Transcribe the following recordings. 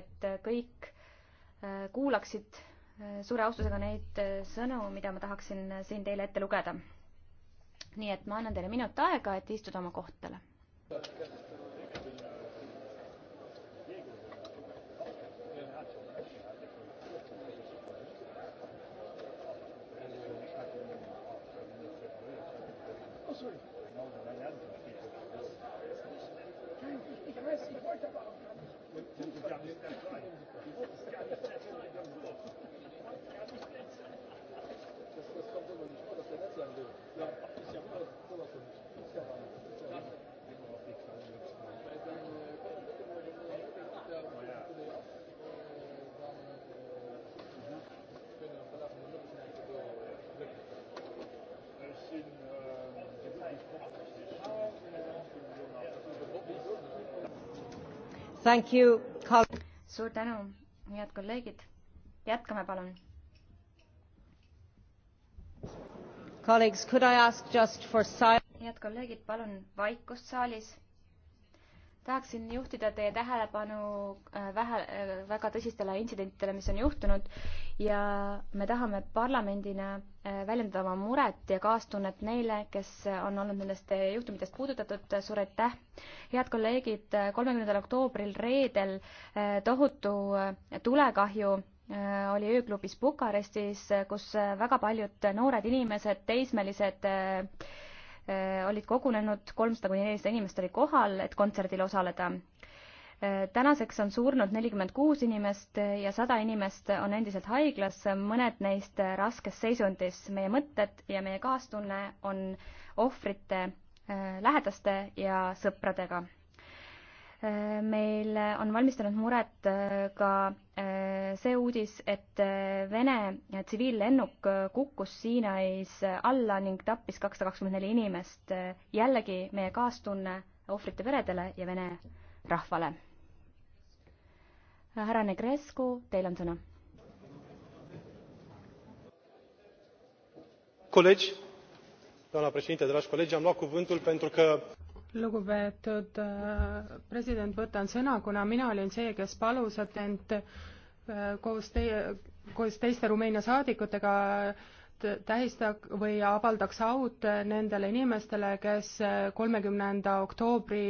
et äh, kõik äh, kuulaksid äh, suure austusega neid sõnu, mida ma tahaksin siin teile ette lugeda. nii et ma annan teile minut aega, et istuda oma kohtadele. Oh, sorry. No, no, I am. It's worse. It's worse about. suur tänu, head kolleegid. jätkame, palun. head kolleegid, palun vaikust saalis tahaksin juhtida teie tähelepanu äh, vähe, äh, väga tõsistele intsidentidele, mis on juhtunud ja me tahame parlamendina äh, väljendada oma muret ja kaastunnet neile, kes on olnud nendest juhtumitest puudutatud, suur aitäh! head kolleegid, kolmekümnendal oktoobril reedel tohutu tulekahju oli ööklubis Bukarestis, kus väga paljud noored inimesed, teismelised Äh, olid kogunenud, kolmsada kuni nelisada inimest oli kohal, et kontserdil osaleda. Äh, tänaseks on surnud nelikümmend kuus inimest ja sada inimest on endiselt haiglas, mõned neist raskes seisundis. meie mõtted ja meie kaastunne on ohvrite äh, lähedaste ja sõpradega meil on valmistanud muret äh, ka äh, see uudis, et äh, Vene tsiviillennuk kukkus Siinais alla ning tappis kakssada kakskümmend neli inimest. jällegi meie kaastunne ohvrite peredele ja Vene rahvale. härra Negrescu, teil on sõna. kolleeg, doamna președinte, dragi colegi, am luat cuvântul pentru că lugupeetud äh, president, võtan sõna, kuna mina olin see, kes palus, et end äh, koos teie, koos teiste Rumeenia saadikutega tähista- või avaldaks aud nendele inimestele, kes äh, kolmekümnenda oktoobri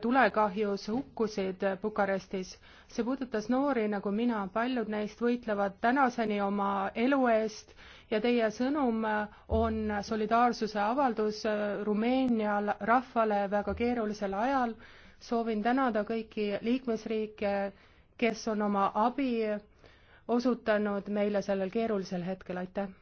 tulekahjus hukkusid Bukarestis. see puudutas noori nagu mina, paljud neist võitlevad tänaseni oma elu eest ja teie sõnum on solidaarsuse avaldus Rumeenia rahvale väga keerulisel ajal. soovin tänada kõiki liikmesriike, kes on oma abi osutanud meile sellel keerulisel hetkel, aitäh!